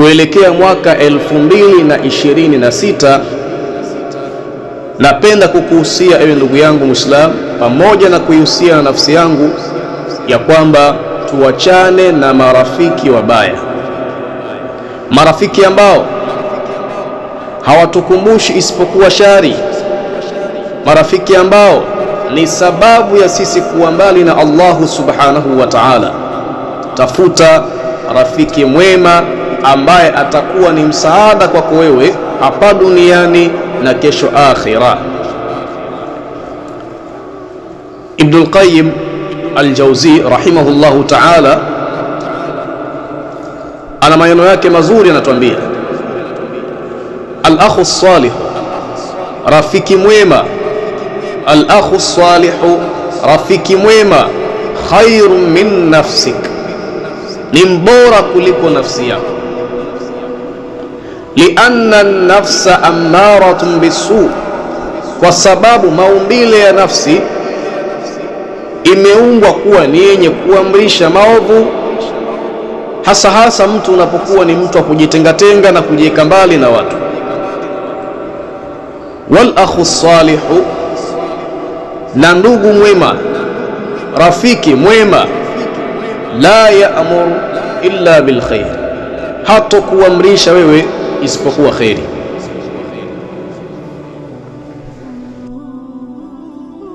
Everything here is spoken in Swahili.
kuelekea mwaka 2026 napenda kukuhusia ewe ndugu yangu Muislamu, pamoja na kuihusia na nafsi yangu ya kwamba tuachane na marafiki wabaya, marafiki ambao hawatukumbushi isipokuwa shari, marafiki ambao ni sababu ya sisi kuwa mbali na Allahu subhanahu wa ta'ala. Tafuta rafiki mwema ambaye atakuwa ni msaada kwako wewe hapa duniani na kesho akhira. Ibnul Qayyim al jawzi rahimahullahu ta'ala ana maneno yake mazuri, anatuambia al-akhu salih, rafiki mwema. Al-akhu salihu, rafiki mwema, khairu min nafsik, ni mbora kuliko nafsi yako lianna nafsa ammaratun bisu, kwa sababu maumbile ya nafsi imeumbwa kuwa ni yenye kuamrisha maovu, hasa hasa mtu unapokuwa ni mtu wa kujitengatenga na kujiweka mbali na watu. Wal akhu salihu, na ndugu mwema, rafiki mwema, la yaamuru illa bil khair, hatokuamrisha wewe isipokuwa kheri.